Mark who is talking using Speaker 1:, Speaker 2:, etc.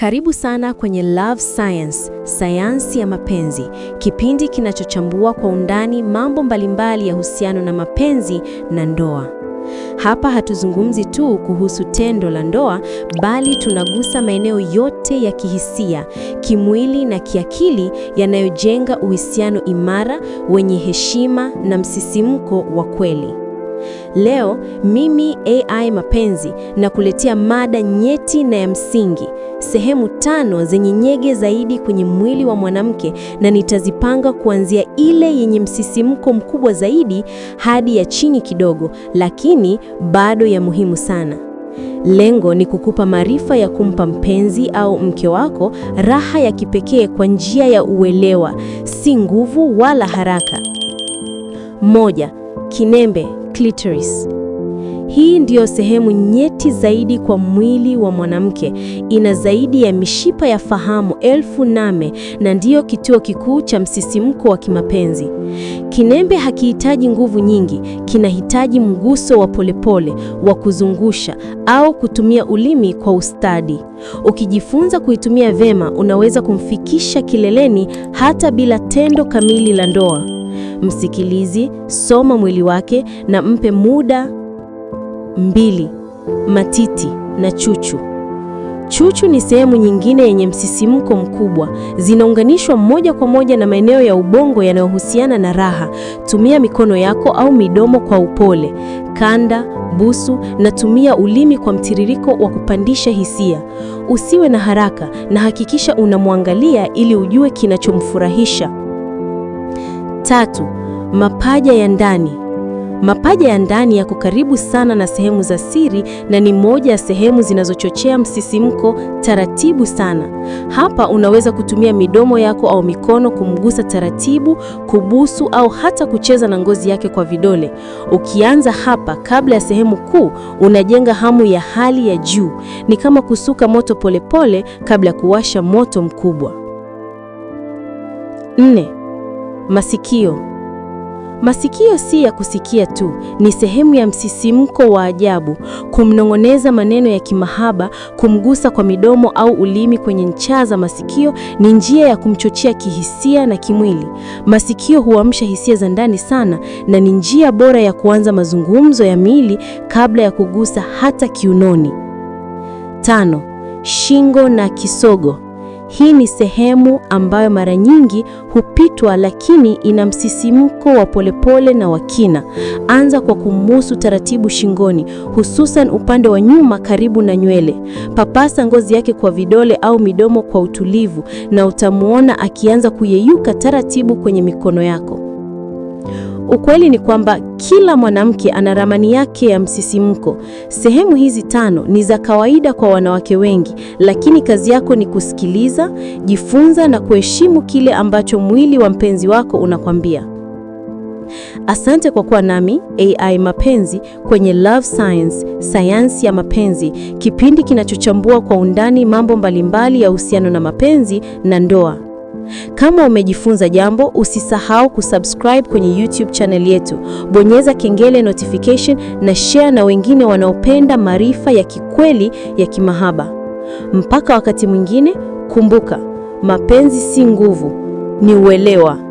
Speaker 1: Karibu sana kwenye Love Science, sayansi ya mapenzi, kipindi kinachochambua kwa undani mambo mbalimbali ya uhusiano na mapenzi na ndoa. Hapa hatuzungumzi tu kuhusu tendo la ndoa, bali tunagusa maeneo yote ya kihisia, kimwili na kiakili yanayojenga uhusiano imara wenye heshima na msisimko wa kweli. Leo mimi AI Mapenzi na mada nyeti na ya msingi, sehemu tano zenye nyege zaidi kwenye mwili wa mwanamke, na nitazipanga kuanzia ile yenye msisimko mkubwa zaidi hadi ya chini kidogo, lakini bado ya muhimu sana. Lengo ni kukupa maarifa ya kumpa mpenzi au mke wako raha ya kipekee kwa njia ya uelewa, si nguvu wala haraka. Moja, kinembe clitoris. Hii ndiyo sehemu nyeti zaidi kwa mwili wa mwanamke. Ina zaidi ya mishipa ya fahamu elfu nane na ndiyo kituo kikuu cha msisimko wa kimapenzi. Kinembe hakihitaji nguvu nyingi, kinahitaji mguso wa polepole wa kuzungusha au kutumia ulimi kwa ustadi. Ukijifunza kuitumia vema, unaweza kumfikisha kileleni hata bila tendo kamili la ndoa. Msikilizi, soma mwili wake na mpe muda. Mbili, matiti na chuchu. Chuchu ni sehemu nyingine yenye msisimko mkubwa, zinaunganishwa moja kwa moja na maeneo ya ubongo yanayohusiana na raha. Tumia mikono yako au midomo kwa upole, kanda, busu na tumia ulimi kwa mtiririko wa kupandisha hisia. Usiwe na haraka na hakikisha unamwangalia ili ujue kinachomfurahisha. Tatu, mapaja ya ndani. Mapaja ya ndani yako karibu sana na sehemu za siri na ni moja ya sehemu zinazochochea msisimko taratibu sana. Hapa unaweza kutumia midomo yako au mikono kumgusa taratibu, kubusu au hata kucheza na ngozi yake kwa vidole. Ukianza hapa kabla ya sehemu kuu, unajenga hamu ya hali ya juu. Ni kama kusuka moto polepole pole kabla ya kuwasha moto mkubwa. Nne, Masikio. Masikio si ya kusikia tu, ni sehemu ya msisimko wa ajabu, kumnong'oneza maneno ya kimahaba, kumgusa kwa midomo au ulimi kwenye ncha za masikio ni njia ya kumchochea kihisia na kimwili. Masikio huamsha hisia za ndani sana na ni njia bora ya kuanza mazungumzo ya miili kabla ya kugusa hata kiunoni. Tano, shingo na kisogo. Hii ni sehemu ambayo mara nyingi hupitwa, lakini ina msisimko wa polepole na wa kina. Anza kwa kumuhusu taratibu shingoni, hususan upande wa nyuma karibu na nywele. Papasa ngozi yake kwa vidole au midomo kwa utulivu, na utamuona akianza kuyeyuka taratibu kwenye mikono yako. Ukweli ni kwamba kila mwanamke ana ramani yake ya msisimko. Sehemu hizi tano ni za kawaida kwa wanawake wengi, lakini kazi yako ni kusikiliza, jifunza na kuheshimu kile ambacho mwili wa mpenzi wako unakwambia. Asante kwa kuwa nami AI Mapenzi kwenye Love Science, sayansi ya mapenzi, kipindi kinachochambua kwa undani mambo mbalimbali ya uhusiano na mapenzi na ndoa. Kama umejifunza jambo, usisahau kusubscribe kwenye YouTube channel yetu, bonyeza kengele notification na share na wengine wanaopenda maarifa ya kikweli ya kimahaba. Mpaka wakati mwingine, kumbuka, mapenzi si nguvu, ni uelewa.